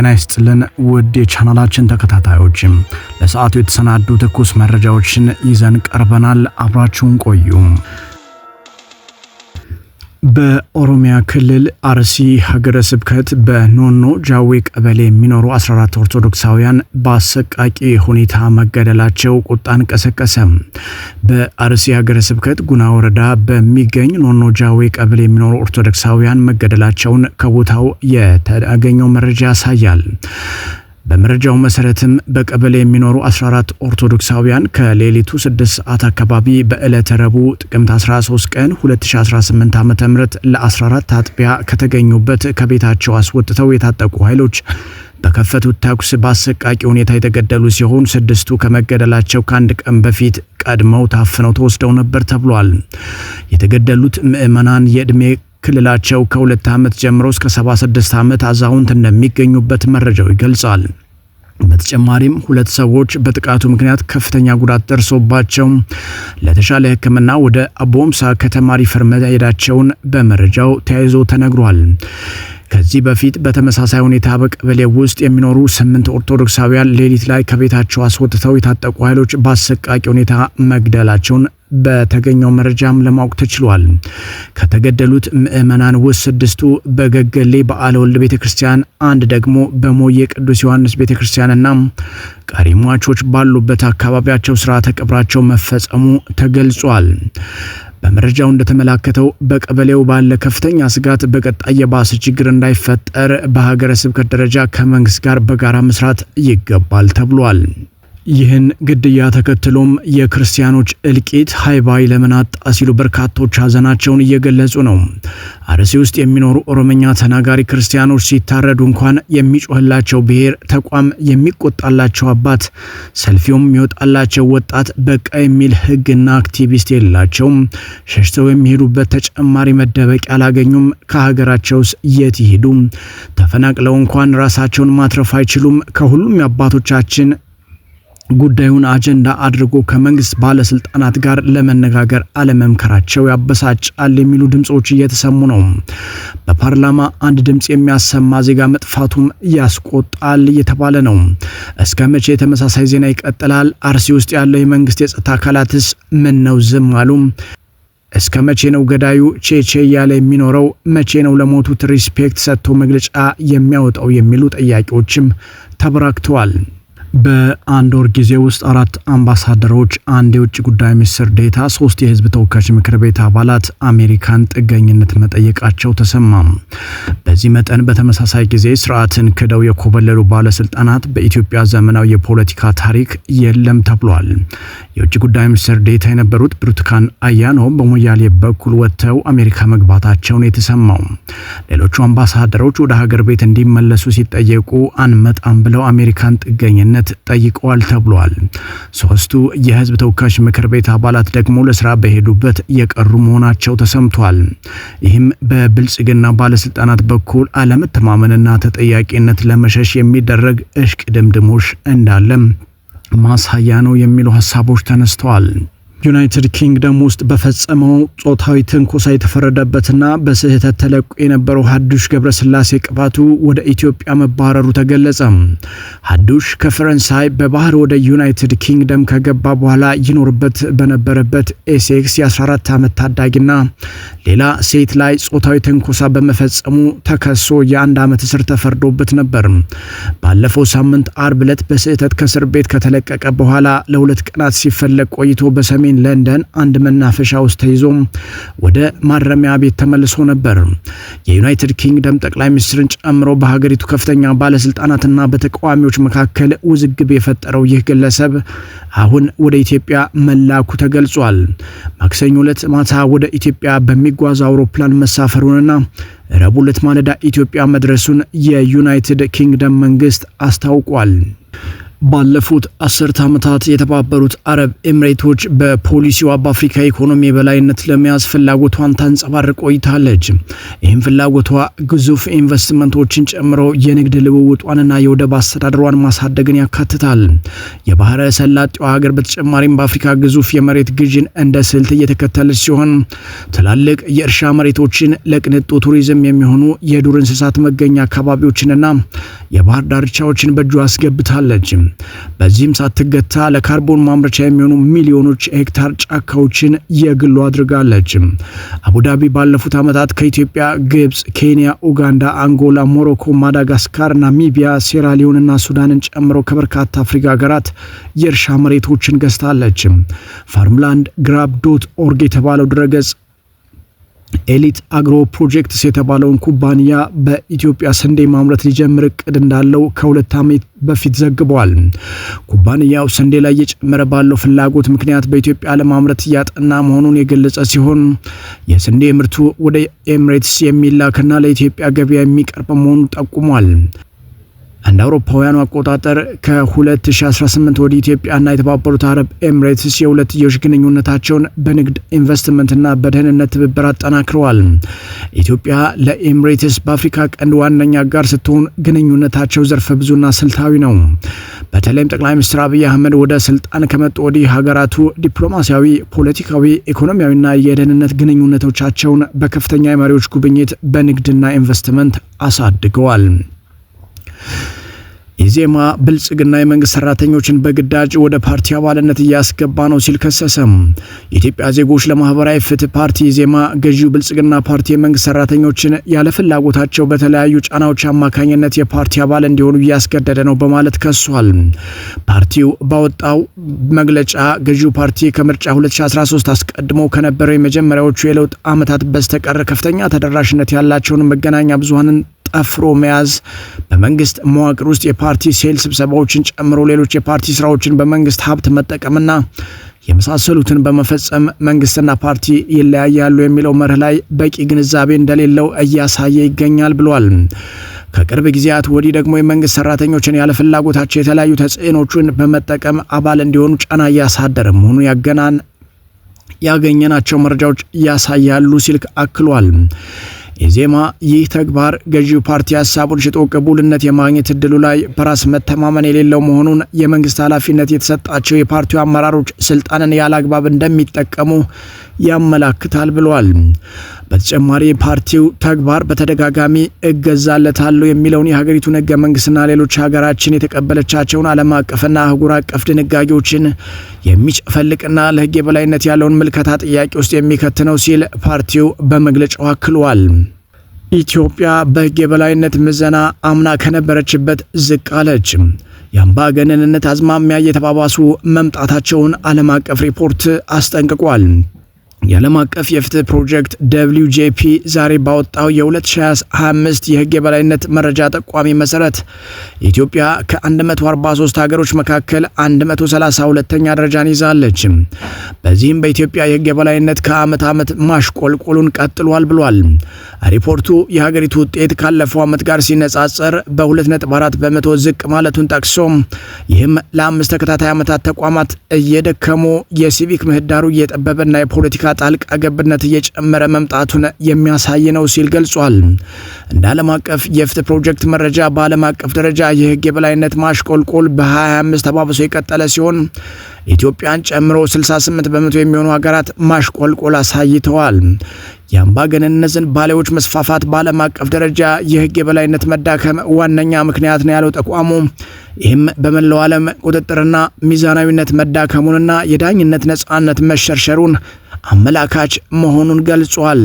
ጤና ይስጥልን ውድ የቻናላችን ተከታታዮችም ለሰዓቱ የተሰናዱ ትኩስ መረጃዎችን ይዘን ቀርበናል። አብራችሁን ቆዩ። በኦሮሚያ ክልል አርሲ ሀገረ ስብከት በኖኖ ጃዊ ቀበሌ የሚኖሩ 14 ኦርቶዶክሳውያን በአሰቃቂ ሁኔታ መገደላቸው ቁጣን ቀሰቀሰ። በአርሲ ሀገረ ስብከት ጉና ወረዳ በሚገኝ ኖኖ ጃዊ ቀበሌ የሚኖሩ ኦርቶዶክሳውያን መገደላቸውን ከቦታው የተገኘው መረጃ ያሳያል። በመረጃው መሰረትም በቀበሌ የሚኖሩ 14 ኦርቶዶክሳውያን ከሌሊቱ 6 ሰዓት አካባቢ በዕለተ ረቡዕ ጥቅምት 13 ቀን 2018 ዓ ም ለ14 አጥቢያ ከተገኙበት ከቤታቸው አስወጥተው የታጠቁ ኃይሎች በከፈቱት ተኩስ በአሰቃቂ ሁኔታ የተገደሉ ሲሆን ስድስቱ ከመገደላቸው ከአንድ ቀን በፊት ቀድመው ታፍነው ተወስደው ነበር ተብሏል። የተገደሉት ምዕመናን የዕድሜ ክልላቸው ከሁለት ዓመት ጀምሮ እስከ 76 ዓመት አዛውንት እንደሚገኙበት መረጃው ይገልጻል። በተጨማሪም ሁለት ሰዎች በጥቃቱ ምክንያት ከፍተኛ ጉዳት ደርሶባቸው ለተሻለ ሕክምና ወደ አቦምሳ ከተማ ሪፈር መሄዳቸውን በመረጃው ተያይዞ ተነግሯል። ከዚህ በፊት በተመሳሳይ ሁኔታ በቀበሌ ውስጥ የሚኖሩ ስምንት ኦርቶዶክሳውያን ሌሊት ላይ ከቤታቸው አስወጥተው የታጠቁ ኃይሎች በአሰቃቂ ሁኔታ መግደላቸውን በተገኘው መረጃም ለማወቅ ተችሏል። ከተገደሉት ምዕመናን ውስጥ ስድስቱ በገገሌ በዓለ ወልድ ቤተ ክርስቲያን፣ አንድ ደግሞ በሞዬ ቅዱስ ዮሐንስ ቤተ ክርስቲያንና ቀሪ ሟቾች ባሉበት አካባቢያቸው ስርዓተ ቀብራቸው መፈጸሙ ተገልጿል። በመረጃው እንደተመላከተው በቀበሌው ባለ ከፍተኛ ስጋት በቀጣይ የባሰ ችግር እንዳይፈጠር በሀገረ ስብከት ደረጃ ከመንግስት ጋር በጋራ መስራት ይገባል ተብሏል። ይህን ግድያ ተከትሎም የክርስቲያኖች እልቂት ሀይባይ ለምን አጣ ሲሉ በርካቶች ሀዘናቸውን እየገለጹ ነው። አርሲ ውስጥ የሚኖሩ ኦሮምኛ ተናጋሪ ክርስቲያኖች ሲታረዱ እንኳን የሚጮህላቸው ብሔር፣ ተቋም የሚቆጣላቸው አባት፣ ሰልፊውም የሚወጣላቸው ወጣት በቃ የሚል ህግና አክቲቪስት የላቸውም። ሸሽተው የሚሄዱበት ተጨማሪ መደበቂያ አላገኙም። ከሀገራቸውስ የት ይሄዱ? ተፈናቅለው እንኳን ራሳቸውን ማትረፍ አይችሉም። ከሁሉም የአባቶቻችን ጉዳዩን አጀንዳ አድርጎ ከመንግስት ባለስልጣናት ጋር ለመነጋገር አለመምከራቸው ያበሳጫል የሚሉ ድምጾች እየተሰሙ ነው። በፓርላማ አንድ ድምጽ የሚያሰማ ዜጋ መጥፋቱም ያስቆጣል እየተባለ ነው። እስከ መቼ ተመሳሳይ ዜና ይቀጥላል? አርሲ ውስጥ ያለው የመንግስት የጸጥታ አካላትስ ምን ነው ዝም አሉ? እስከ መቼ ነው ገዳዩ ቼቼ እያለ የሚኖረው? መቼ ነው ለሞቱት ሪስፔክት ሰጥቶ መግለጫ የሚያወጣው? የሚሉ ጥያቄዎችም ተበራክተዋል። በአንድ ወር ጊዜ ውስጥ አራት አምባሳደሮች፣ አንድ የውጭ ጉዳይ ሚኒስትር ዴታ፣ ሶስት የህዝብ ተወካዮች ምክር ቤት አባላት አሜሪካን ጥገኝነት መጠየቃቸው ተሰማም። በዚህ መጠን በተመሳሳይ ጊዜ ስርዓትን ክደው የኮበለሉ ባለስልጣናት በኢትዮጵያ ዘመናዊ የፖለቲካ ታሪክ የለም ተብሏል። የውጭ ጉዳይ ሚኒስትር ዴታ የነበሩት ብርቱካን አያኖ በሞያሌ በኩል ወጥተው አሜሪካ መግባታቸውን የተሰማው ሌሎቹ አምባሳደሮች ወደ ሀገር ቤት እንዲመለሱ ሲጠየቁ አንመጣም ብለው አሜሪካን ጥገኝነት አማካኝነት ጠይቀዋል ተብሏል። ሶስቱ የህዝብ ተወካዮች ምክር ቤት አባላት ደግሞ ለስራ በሄዱበት የቀሩ መሆናቸው ተሰምቷል። ይህም በብልጽግና ባለስልጣናት በኩል አለመተማመንና ተጠያቂነት ለመሸሽ የሚደረግ እሽቅ ድምድሞሽ እንዳለም ማሳያ ነው የሚሉ ሀሳቦች ተነስተዋል። ዩናይትድ ኪንግደም ውስጥ በፈጸመው ጾታዊ ትንኮሳ የተፈረደበትና በስህተት ተለቆ የነበረው ሀዱሽ ገብረስላሴ ቅባቱ ወደ ኢትዮጵያ መባረሩ ተገለጸ። ሀዱሽ ከፈረንሳይ በባህር ወደ ዩናይትድ ኪንግደም ከገባ በኋላ ይኖርበት በነበረበት ኤሴክስ የ14 ዓመት ታዳጊና ሌላ ሴት ላይ ጾታዊ ትንኮሳ በመፈጸሙ ተከሶ የአንድ ዓመት እስር ተፈርዶበት ነበር። ባለፈው ሳምንት አርብ ዕለት በስህተት ከእስር ቤት ከተለቀቀ በኋላ ለሁለት ቀናት ሲፈለግ ቆይቶ በሰሜን ሰሜን ለንደን አንድ መናፈሻ ውስጥ ተይዞ ወደ ማረሚያ ቤት ተመልሶ ነበር። የዩናይትድ ኪንግደም ጠቅላይ ሚኒስትርን ጨምሮ በሀገሪቱ ከፍተኛ ባለስልጣናትና በተቃዋሚዎች መካከል ውዝግብ የፈጠረው ይህ ግለሰብ አሁን ወደ ኢትዮጵያ መላኩ ተገልጿል። ማክሰኞ ዕለት ማታ ወደ ኢትዮጵያ በሚጓዝ አውሮፕላን መሳፈሩንና ረቡዕ ዕለት ማለዳ ኢትዮጵያ መድረሱን የዩናይትድ ኪንግደም መንግስት አስታውቋል። ባለፉት አስርት ዓመታት የተባበሩት አረብ ኤምሬቶች በፖሊሲዋ በአፍሪካ ኢኮኖሚ የበላይነት ለመያዝ ፍላጎቷን ታንጸባርቅ ቆይታለች። ይህም ፍላጎቷ ግዙፍ ኢንቨስትመንቶችን ጨምሮ የንግድ ልውውጧንና የወደብ አስተዳደሯን ማሳደግን ያካትታል። የባህረ ሰላጤዋ ሀገር በተጨማሪም በአፍሪካ ግዙፍ የመሬት ግዥን እንደ ስልት እየተከተለች ሲሆን ትላልቅ የእርሻ መሬቶችን ለቅንጡ ቱሪዝም የሚሆኑ የዱር እንስሳት መገኛ አካባቢዎችንና የባህር ዳርቻዎችን በእጇ አስገብታለች። በዚህም ሳትገታ ለካርቦን ማምረቻ የሚሆኑ ሚሊዮኖች ሄክታር ጫካዎችን የግሉ አድርጋለች። አቡዳቢ ባለፉት ዓመታት ከኢትዮጵያ፣ ግብፅ፣ ኬንያ፣ ኡጋንዳ፣ አንጎላ፣ ሞሮኮ፣ ማዳጋስካር፣ ናሚቢያ፣ ሴራሊዮንና ሱዳንን ጨምሮ ከበርካታ አፍሪካ ሀገራት የእርሻ መሬቶችን ገዝታለች። ፋርምላንድ ግራብ ዶት ኦርግ የተባለው ድረገጽ ኤሊት አግሮ ፕሮጀክትስ የተባለውን ኩባንያ በኢትዮጵያ ስንዴ ማምረት ሊጀምር እቅድ እንዳለው ከሁለት ዓመት በፊት ዘግቧል። ኩባንያው ስንዴ ላይ እየጨመረ ባለው ፍላጎት ምክንያት በኢትዮጵያ ለማምረት እያጠና መሆኑን የገለጸ ሲሆን የስንዴ ምርቱ ወደ ኤምሬትስ የሚላክና ለኢትዮጵያ ገበያ የሚቀርብ መሆኑን ጠቁሟል። እንደ አውሮፓውያኑ አቆጣጠር ከ2018 ወደ ኢትዮጵያና የተባበሩት አረብ ኤምሬትስ የሁለትዮሽ ግንኙነታቸውን በንግድ ኢንቨስትመንትና በደህንነት ትብብር አጠናክረዋል። ኢትዮጵያ ለኤምሬትስ በአፍሪካ ቀንድ ዋነኛ አጋር ስትሆን ግንኙነታቸው ዘርፈ ብዙና ስልታዊ ነው። በተለይም ጠቅላይ ሚኒስትር አብይ አህመድ ወደ ስልጣን ከመጡ ወዲህ ሀገራቱ ዲፕሎማሲያዊ፣ ፖለቲካዊ፣ ኢኮኖሚያዊና የደህንነት ግንኙነቶቻቸውን በከፍተኛ የመሪዎች ጉብኝት በንግድና ኢንቨስትመንት አሳድገዋል። ኢዜማ ብልጽግና የመንግስት ሰራተኞችን በግዳጅ ወደ ፓርቲ አባልነት እያስገባ ነው ሲል ከሰሰም። የኢትዮጵያ ዜጎች ለማህበራዊ ፍትህ ፓርቲ ኢዜማ ገዢው ብልጽግና ፓርቲ የመንግስት ሰራተኞችን ያለ ፍላጎታቸው በተለያዩ ጫናዎች አማካኝነት የፓርቲ አባል እንዲሆኑ እያስገደደ ነው በማለት ከሷል። ፓርቲው ባወጣው መግለጫ ገዢው ፓርቲ ከምርጫ 2013 አስቀድሞ ከነበረው የመጀመሪያዎቹ የለውጥ ዓመታት በስተቀር ከፍተኛ ተደራሽነት ያላቸውን መገናኛ ብዙሀንን ጠፍሮ መያዝ፣ በመንግስት መዋቅር ውስጥ የፓርቲ ሴል ስብሰባዎችን ጨምሮ ሌሎች የፓርቲ ስራዎችን በመንግስት ሀብት መጠቀምና የመሳሰሉትን በመፈጸም መንግስትና ፓርቲ ይለያያሉ የሚለው መርህ ላይ በቂ ግንዛቤ እንደሌለው እያሳየ ይገኛል ብሏል። ከቅርብ ጊዜያት ወዲህ ደግሞ የመንግስት ሰራተኞችን ያለ ፍላጎታቸው የተለያዩ ተጽዕኖቹን በመጠቀም አባል እንዲሆኑ ጫና እያሳደረ መሆኑ ያገናን ያገኘናቸው መረጃዎች ያሳያሉ ሲል አክሏል። ኢዜማ ይህ ተግባር ገዢው ፓርቲ ሀሳቡን ሽጦ ቅቡልነት የማግኘት እድሉ ላይ በራስ መተማመን የሌለው መሆኑን የመንግስት ኃላፊነት የተሰጣቸው የፓርቲው አመራሮች ስልጣንን ያለ አግባብ እንደሚጠቀሙ ያመላክታል ብሏል። በተጨማሪ የፓርቲው ተግባር በተደጋጋሚ እገዛለታለሁ የሚለውን የሀገሪቱን ህገ መንግስትና ሌሎች ሀገራችን የተቀበለቻቸውን ዓለም አቀፍና አህጉር አቀፍ ድንጋጌዎችን የሚጨፈልቅና ለህግ የበላይነት ያለውን ምልከታ ጥያቄ ውስጥ የሚከት ነው ሲል ፓርቲው በመግለጫው አክሏል። ኢትዮጵያ በህግ የበላይነት ምዘና አምና ከነበረችበት ዝቅ አለች። የአምባገነንነት አዝማሚያ እየተባባሱ መምጣታቸውን ዓለም አቀፍ ሪፖርት አስጠንቅቋል። የዓለም አቀፍ የፍትህ ፕሮጀክት ደብሊውጄፒ ዛሬ ባወጣው የ2025 የህግ የበላይነት መረጃ ጠቋሚ መሰረት ኢትዮጵያ ከ143 ሀገሮች መካከል 132ኛ ደረጃን ይዛለች። በዚህም በኢትዮጵያ የህግ የበላይነት ከዓመት ዓመት ማሽቆልቆሉን ቀጥሏል ብሏል። ሪፖርቱ የሀገሪቱ ውጤት ካለፈው ዓመት ጋር ሲነጻጸር በ2.4 በመቶ ዝቅ ማለቱን ጠቅሶ ይህም ለአምስት ተከታታይ ዓመታት ተቋማት እየደከሙ የሲቪክ ምህዳሩ እየጠበበና የፖለቲካ ጣልቃ ገብነት እየጨመረ መምጣቱን የሚያሳይ ነው ሲል ገልጿል። እንደ ዓለም አቀፍ የፍትህ ፕሮጀክት መረጃ በዓለም አቀፍ ደረጃ የህግ የበላይነት ማሽቆልቆል በ25 ተባብሶ የቀጠለ ሲሆን ኢትዮጵያን ጨምሮ 68 በመቶ የሚሆኑ ሀገራት ማሽቆልቆል አሳይተዋል። የአምባገነንነትን ባሌዎች መስፋፋት በዓለም አቀፍ ደረጃ የህግ የበላይነት መዳከም ዋነኛ ምክንያት ነው ያለው ተቋሙ፣ ይህም በመላው ዓለም ቁጥጥርና ሚዛናዊነት መዳከሙንና የዳኝነት ነጻነት መሸርሸሩን አመላካች መሆኑን ገልጿል።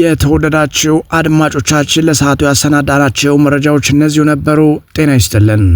የተወደዳችሁ አድማጮቻችን ለሰዓቱ ያሰናዳናቸው መረጃዎች እነዚሁ ነበሩ። ጤና ይስጥልን።